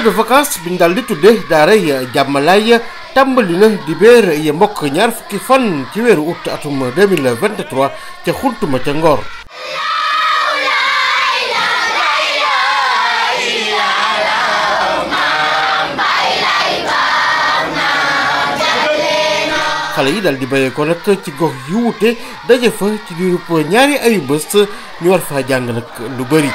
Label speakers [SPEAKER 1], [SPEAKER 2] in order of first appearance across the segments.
[SPEAKER 1] départ de vacances bin dal daal di tudde daara ya jàmmalaay tàmbali na di ber ya mbok ñaar fukki fan ci wéru août atum 2023 ci xuntuma ci ngor xale yi dal di ko nak ci gox yu wute daje fa ci diirub ñaari ay bëss ñu war fa jang nak lu bari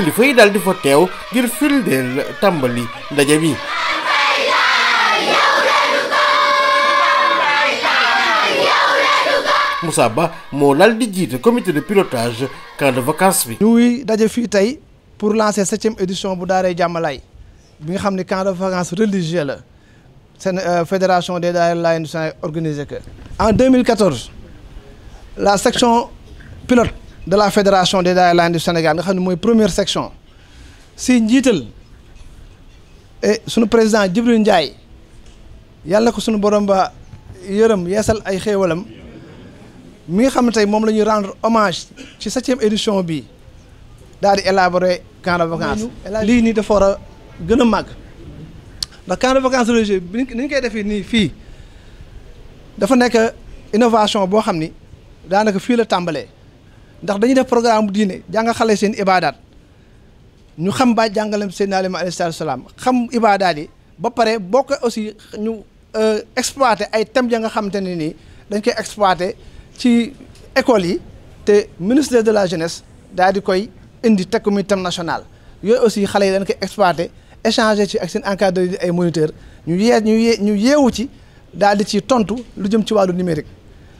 [SPEAKER 1] kilifa yi daal di fa teew ngir firndeel tàmbali ndaje bi.
[SPEAKER 2] Moussa Ba moo daal di jiite comité de pilotage camp de vacances bi. ñuy daje fii tey pour lancer septième édition bu daaray Jamalay bi nga xam ne camp de vacances religieux la seen euh, fédération des daara Lay du organisé que. en 2014 la section pilote de la fédération des Dailands du Sénégal Nous sommes première section si nous et son président Djibril Ndiaye yàlla ko sunu borom ba la ay mi allons la rendre hommage édition bi la de vacances lii nii dafa Le de vacances religieux ni innovation qui est la ndax dañu def programme bu diine jàng xale seen ibaadaat ñu xam ba jàngalem seen alim alayhi salaam xam ibaadaat yi ba pare boo bokk aussi ñu euh, exploité ay tam ya nga xam te ne nii dañ koy exploité ci école yi te ministère de la jeunesse daal di koy indi teg ko muy thème national yooyu aussi xale yi dañ koy exploité échanger ci ak seen encadré ay moniteur ñu yee ñu ñu yeewu ci daal di ci tontu lu jëm ci wàllu numérique.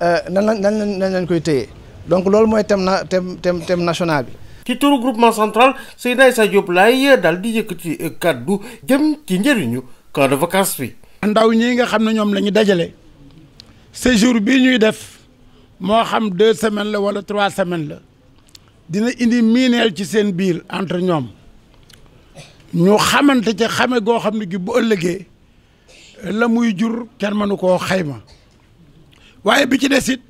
[SPEAKER 2] Euh, nan lañ nan lañ koy téye donc loolu mooy tem na tem thème thème national bi. ci turu groupement
[SPEAKER 1] central Seydina sa Diop laay daal di yëkkati kàddu jëm ci njëriñu camp de vacances bi. ndaw ñii nga xam ne ñoom la ñu dajale séjour bi ñuy def
[SPEAKER 3] moo xam deux semaine la wala trois semaine la dina indi miineel ci seen biir entre ñoom ñu xamante ca xame goo xam ne gi bu ëllëgee la muy jur kenn mënu koo xayma. waaye bi ci des it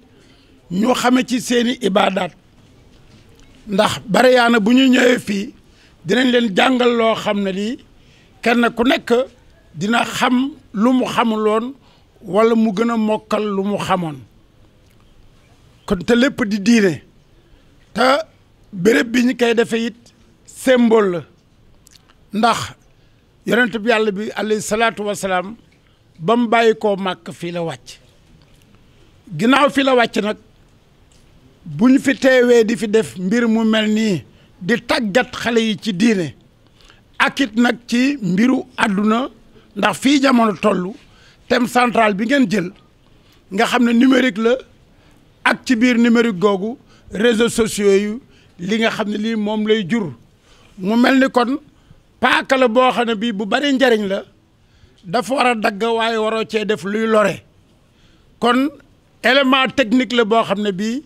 [SPEAKER 3] ñu xame ci seeni ibaadaat ndax bare yaana bu ñuy ñëwee fii dinañ leen jàngal loo xam ne lii kenn ku nekk dina xam lu mu xamuloon walla mu gën a mokkal lu mu xamoon kon te lépp di diine te béréb bi ñu koy defee it symbole la ndax yonent bi yàlla bi alayhi salaatu wasalaam ba mu bàyyi koo màkk fii la wàcc ginnaaw fi la wàcc nag bu ñu fi teewee di fi def mbir mu mel nii di tàggat xale yi ci diine ak nag ci mbiru àdduna ndax fii jamono tollu thème central bi ngeen jël nga xam ne numérique la ak ci biir numérique googu réseaux sociaux yu li nga xam ne lii moom lay jur mu mel ni kon paaka la boo xam ne bii bu bari njariñ la dafa war a dagg waaye waroo cee def luy lore kon élément technique la boo xam ne bii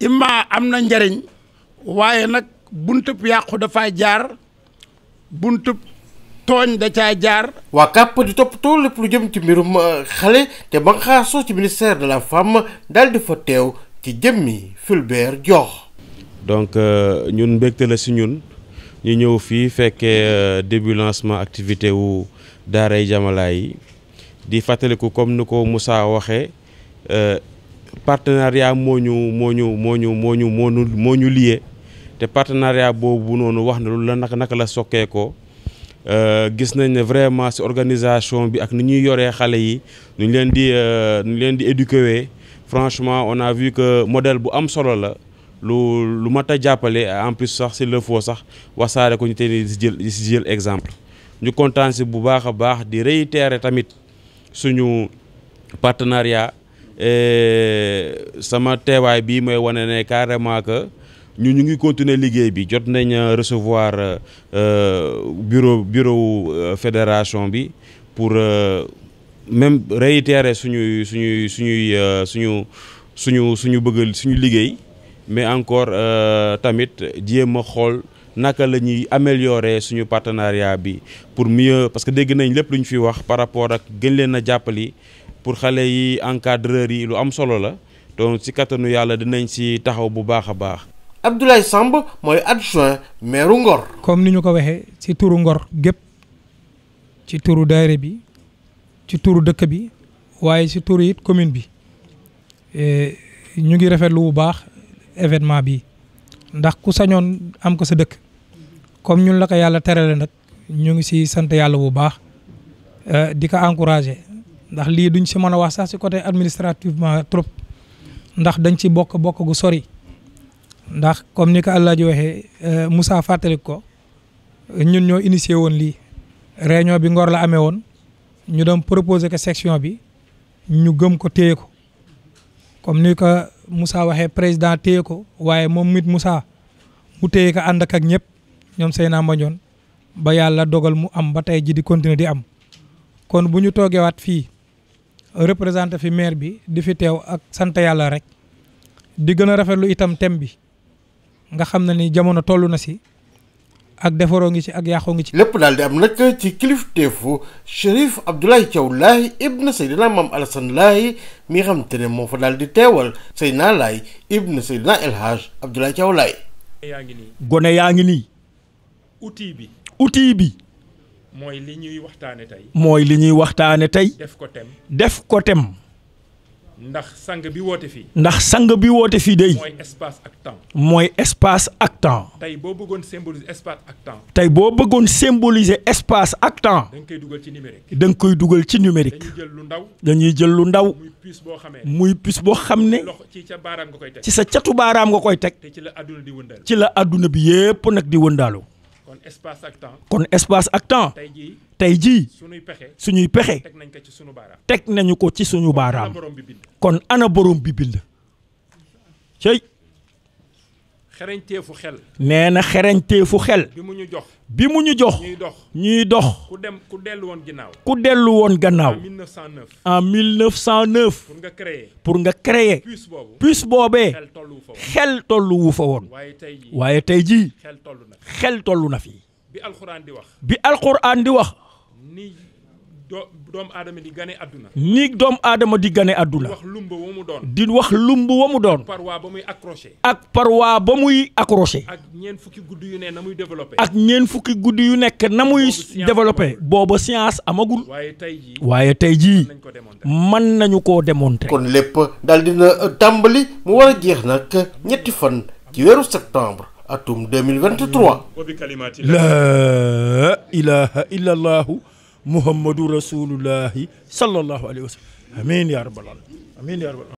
[SPEAKER 3] imma am na njariñ waaye nag buntub
[SPEAKER 1] yàqu dafa jaar buntub tooñ da caa jaar. waa CAP di toppatoo lépp lu jëm ci mbirum euh, xale te banqaasoo ci ministère de la femme daal di fa teew ci jëmmi Fulbert jox
[SPEAKER 4] donc euh, ñun mbégte la si ñun ñu ñëw fii fekkee euh, débulencement activité wu daaray Jamalaay yi di fàttaliku comme ni ko Moussa waxee. Euh, partenariat moñu moñu moñu lié partenariat Nous la euh, vraiment organisation bi ak ni ñuy yi euh, éduquer franchement on a vu que modèle bu am solo la lu en plus sax c'est le faux. sax wasaré ko ñu exemple ñu réitérer tamit partenariat Eh, sama teewaay bi may wane ne carrément que ñu ñu ngi continuer liggéey bi jot nañ euh, recevoir euh, euh, bureau bureau fédération bi pour même réitérer suñuy suñuy suñuy suñu suñu suñu bëgg suñu liggéey mais encore tamit jéem a xool naka la ñuy améliorer suñu partenariat bi pour mieux parce que dégg nañ lépp lu ñu fi wax par rapport ak gën leen a jàppali pour xale yi encadreur yi lu am solo la donc ci kattanu yàlla dinañ si taxaw bu baax a baax.
[SPEAKER 1] Abdoulaye Samb mooy adjoint
[SPEAKER 5] maire Ngor. comme ni ñu ko waxee ci turu Ngor gépp ci turu daayira bi ci turu dëkk bi waaye ci turu it commune bi e, ñu ngi rafetlu bu baax événement bi ndax ku sañoon am ko sa dëkk comme ñun la ko yàlla terale nag ñu ngi si sant yàlla bu baax e, di ko encourager. ndax lii duñ si mën a wax sax si côté administrativement trop ndax dañ ci bokk bokk gu sori ndax comme ni ko Alaaji waxee euh, Moussa fàttali ko ñun ñoo initié woon lii réunion bi Ngor la amee woon ñu doon proposé que section bi ñu gëm ko téye ko comme ni ko Moussa waxee président téye ko waaye moom mit Moussa mu téye ko ànd ak ak ñëpp ñoom seen ambañoon ba yàlla dogal mu am ba tey ji di continuer di am kon bu ñu toogeewaat fii représenté fi maire bi di fi teew ak sant yàlla rek di gën a rafetlu itam thème bi nga xam ne ni jamono toll na si ak defaroo ngi ci ak yàqoo ngi ci. lépp daal di am nag ci kilifteefu Chérif
[SPEAKER 1] Abdoulaye Thiaw Laye ibn Seydina Maam Alassane Laye mi nga xam te ne moo fa daal di teewal Seydina Laye ibn Seydina El Hadj Abdoulaye Thiaw Laye. gone yaa ngi nii.
[SPEAKER 6] outil bi outil bi. mooy li ñuy waxtaane tey. mooy li ñuy waxtaane tey. def ko tem. def ko ndax sang bi woote fii. ndax sang bi woote fii day. mooy espace ak temps.
[SPEAKER 7] mooy espace ak temps.
[SPEAKER 6] tey boo bëggoon symboliser espace ak temps.
[SPEAKER 7] tey boo bëggoon symboliser espace ak temps. da koy dugal ci numérique. da koy dugal ci numérique. jël lu ndaw. dañuy jël lu ndaw. muy puce boo xamee. muy puce boo xam ne. loxo
[SPEAKER 6] ci sa baaraam nga koy teg. ci sa catu baaraam nga koy teg. te ci la adduna di wëndaal. ci
[SPEAKER 7] la adduna bi yépp nag di wëndaalu.
[SPEAKER 6] espace ak temps kon espace ak temps tey jii tey jii suñuy pexe suñuy pexe teg nañ ko ci suñu baaraam teg
[SPEAKER 7] nañu ko ci suñu baaraam kon ana borom bi bind cey
[SPEAKER 6] xereñteefu xel.
[SPEAKER 7] nee na fu xel. bi mu ñu jox bi mu ñu jox. ñuy dox ñuy dox. ku
[SPEAKER 6] dem ku dellu woon ginnaaw. ku dellu woon gannaaw. en 1909.
[SPEAKER 7] en 1909. pour nga créer. pour nga créer. puce boobu puce boobee. xel tollu wu fa woon xel tollu fa woon. waaye tey jii waaye tey jii. xel tollu na fi tollu na fi.
[SPEAKER 6] bi alxuraan di wax.
[SPEAKER 7] bi alxuraan di wax.
[SPEAKER 6] doom aadama di gane àdduna
[SPEAKER 7] ni doom adama di gané aduna wax lumb wa mu doon di wax lumbu wa mu doon parwa ba muy accroché ak parwa ba muy accroché ak
[SPEAKER 6] ñen fukki guddi yu ne na muy développé
[SPEAKER 7] ak ñen fukki guddi yu nek na muy développé science amagul waye
[SPEAKER 6] tay ji
[SPEAKER 1] waaye tey jii mën nañu ko démonter kon lepp dal dina tambali mu wara jeex nak ñetti fan ci wéru septembre atum 2023 la ilaha اله الا محمد
[SPEAKER 7] رسول الله صلى الله عليه وسلم امين يا رب العالمين امين يا رب العالمين